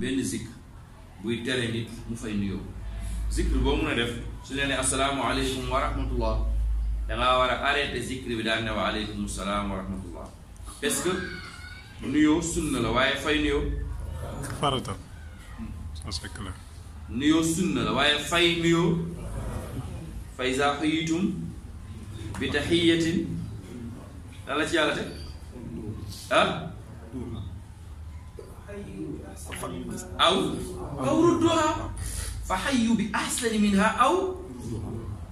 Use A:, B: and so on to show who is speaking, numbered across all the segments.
A: benn zikr buy tere nit mu fay nuyoo zikr boo mun a def su nee ne asalaamualeykum wa rahmatullah war a arrêté zikr bi daan ne wa aleykum salaam wa rahmatullah parce que nuyoo la waaye fay nuyoo fay nuyoo bi taxiyatin lan la ci yàlla te ah aw aw rudduha fa xayyu bi ahsani minha aw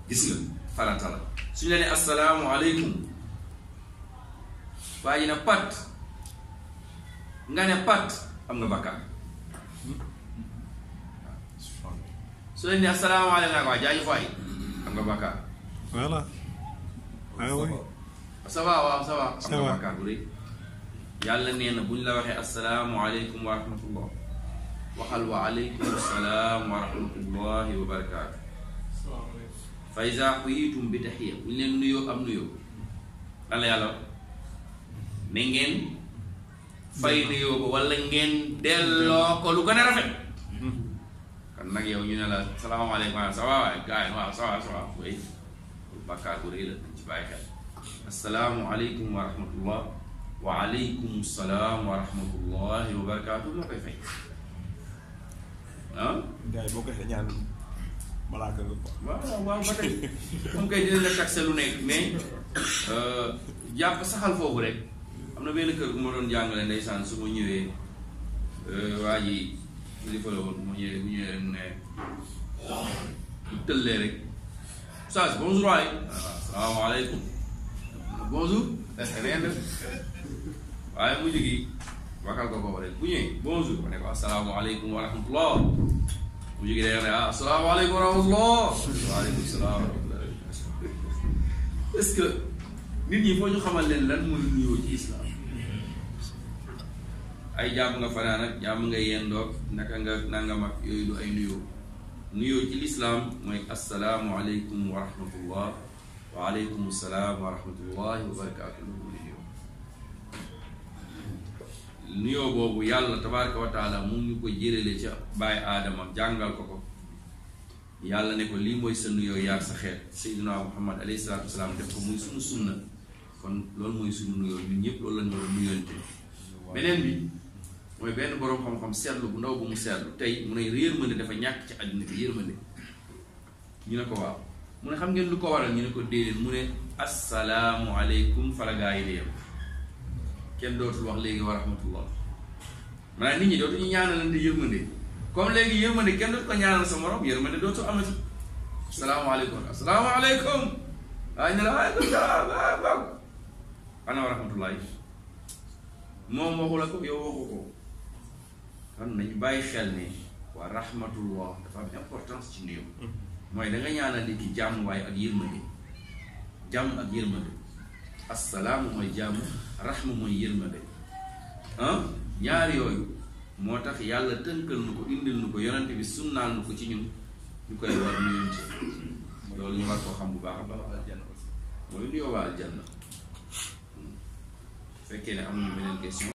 A: gis nga farata la suñu la ne assalaamu aleykum waaye na pat nga ne pat am nga bakkaar su leen ne assalaamu aleykum naa ko waa jaajëf waay am nga bakkaar voilà ça ah va waaw ça va am nga bakkaar bu rëy yàlla nee na bu ñu la waxee asalaamualeykum wa rahmatullah waxal wa aleykum salaam wa rahmatullahi wa barakaatu fa iza xuyitum bi taxiya bu ñu leen nuyoo am nuyoo lan la yàlla ne ngeen fay nuyoo ko wala ngeen delloo ko lu gën a rafet kon nag yow ñu ne la salaamaaleykum wa sawa waay gars yi waaw sawa sawa koy bàkkaar bu rëy la ci bàyyi xel asalaamualeykum wa rahmatullah waaleykum salaam wa rahmatullahi wa barakaatu la koy fay ah. gars yi boo ko ñaan malaaka nga ko. waaw waaw ba tey moom dina la taxe lu nekk mais euh, jàpp saxal foofu rek am na benn kër bu ma doon jàngale ndeysaan su ma ñëwee euh, waa ji li mu ñëwee mu ñëwee rek mu ne tëllee rek saa si bonjour waay. waaw ah, salaamaaleykum. bonjour neen def waaye mujj gi waxal ko boobu rek bu ñëwee bonjour ma ne ko asalaamaaleykum wa rahmatullah mujj gi day wax ne ah asalaamaaleykum wa rahmatullah waaleykum salaam wa rahmatullah est nit ñi foo ñu xamal leen lan mooy nuyoo ci islam ay jàmm nga fanaan ak jàmm nga yendoog naka nga nangam ak yooyu du ay nuyoo nuyoo ci lislaam mooy asalaamualeykum wa rahmatullah waaleykum salaam wa rahmatullahi wa barakaatu nuyoo yàlla tabaraka wa mu ngi ko jërale ca bàyyi aadama jàngal ko ko yàlla ne ko lii mooy sa nuyoo yaag sa xeet seydina muhammad alayhi salaatu wasalaam def ko muy sunu sunna kon loolu mooy sunu nuyoo ñun ñëpp loolu lañu war nuyoonte beneen bi mooy benn boroom xam-xam seetlu bu ndaw bu mu seetlu tey mu ne yërmande dafa ñàkk ci àddina bi yërmande ñu ne ko waaw mu ne xam ngeen lu ko waral ñu ne ko déedéet mu ne asalaamualeykum falagaa yi yam kenn dootul wax léegi wa rahmatullah maanaam nit ñi dootuñu ñaanalante yërmande comme léegi yërmande kenn dootu ko ñaanal sa morom yërmande dootu amati asalaamaaleykum asalaamaaleykum waaye ñu ne waaleykum salaam waaw waaw ana wa rahmatullah moom waxu la ko yow waxu ko xam nañu bàyyi xel ne wa rahmatullah dafa am importance ci néew mm-hmm. mooy da nga ñaanal nit jàmm waaye ak yërmande jàmm ak yërmande assalaamu mooy jàmm raxma mooy yërmande ah ñaar yooyu moo tax yàlla tënkal nu ko indil nu ko yonante bi sunnaal nu ko ci ñun ñu koy war nuyun ci loolu ñu war koo xam bu baax a baax mooy nuyoo waa aljanna hmm. fekkee ne am na beneen question